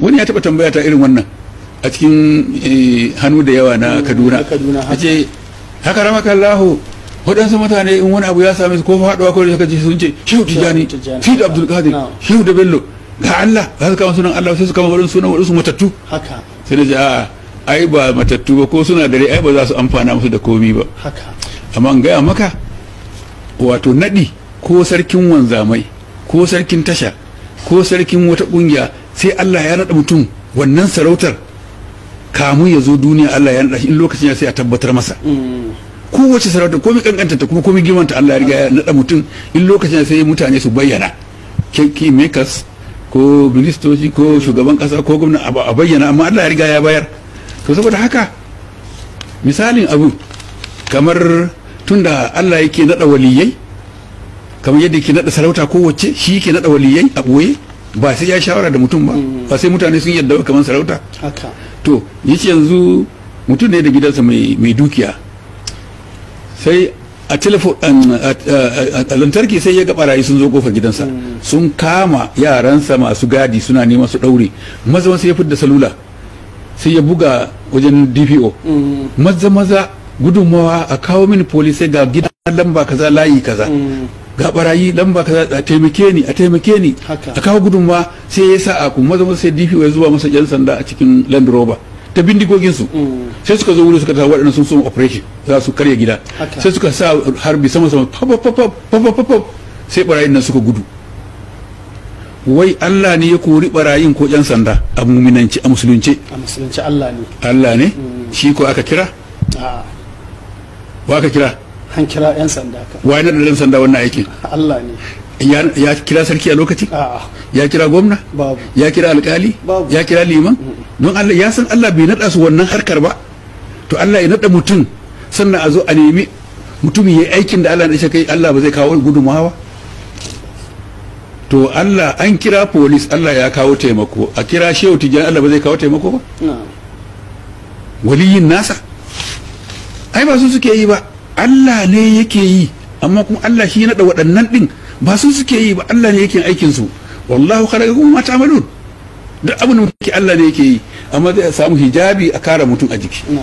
wani ya taba tambaya ta irin wannan a cikin eh, hannu da yawa na hmm, kaduna a ce haka ramaka allahu waɗansu mutane in wani abu ya same su ko faɗuwa ko suka ji sun ce shehu tijani fi da abdul qadir shehu da bello ga allah za su kama sunan allah sai su kama waɗansu sunan waɗansu matattu haka sai da ji a'a ai ba matattu ba ko suna dare ai ba za su amfana musu da komi ba haka amma gaya maka wato nadi ko sarkin wanzamai ko sarkin tasha ko sarkin wata ƙungiya sai Allah ya naɗa mutum wannan sarautar kamu ya zo duniya Allah ya naɗa shi in lokacin ya sai a tabbatar masa kowace sarauta komai kankanta ta kuma komai gimanta Allah ya riga ya naɗa mutum in lokacin ya sai mutane su bayyana keki makers ko ministoci ko shugaban kasa ko gwamna a bayyana amma Allah ya riga ya bayar to saboda haka misalin abu kamar tunda Allah yake naɗa waliyai kamar yadda yake naɗa sarauta kowace shi yake naɗa waliyai a ɓoye ba sai ya shawara da mutum ba mm-hmm. ba sai mutane sun yadda kamar sarauta to yace yanzu mutum ne da gidansa mai dukiya sai a a lantarki sai ya ga barayi sun zo kofar gidansa mm-hmm. sun kama yaransa masu gadi suna neman su daure maza sai ya fidda salula sai ya buga wajen dpo mm-hmm. maza maza gudunmawa a kawo mini polis ga gidan lamba kaza layi kaza ga barayi lamba kaza a taimake ni a taimake ni a kawo gudunmawa sai ya sa a kuma zama sai dp ya zuba masa yan sanda a cikin Land Rover ta bindigogin su mm. sai suka zo wuri suka tawo waɗannan sun sun operation za su karya gida sai suka sa harbi sama sama sai barayin nan suka gudu wai Allah ne ya kori barayin ko yan sanda a muminanci a musulunce a musulunce Allah ne Allah ne mm. shi ko aka kira ba aka kira an kira yan sanda ka wai na da yan sanda wannan aikin Allah ne ya kira sarki a lokacin ya kira gwamna ya kira alkali ya kira liman don Allah ya san Allah bai nada su wannan harkar ba to Allah ya nada mutum sannan a zo a nemi mutum ya aikin da Allah ya kai Allah ba zai kawo gudunmawa ba to Allah an kira polis Allah ya kawo taimako a kira shehu tijjani Allah ba zai kawo taimako ba waliyin nasa ai ba su suke yi ba Allah ne yake yi amma kuma Allah shi naɗa waɗannan ɗin ba su suke yi ba Allah ne yake aikin su wallahu kuma mata malu duk abin da Allah ne yake yi amma zai samu hijabi a kare mutum a jiki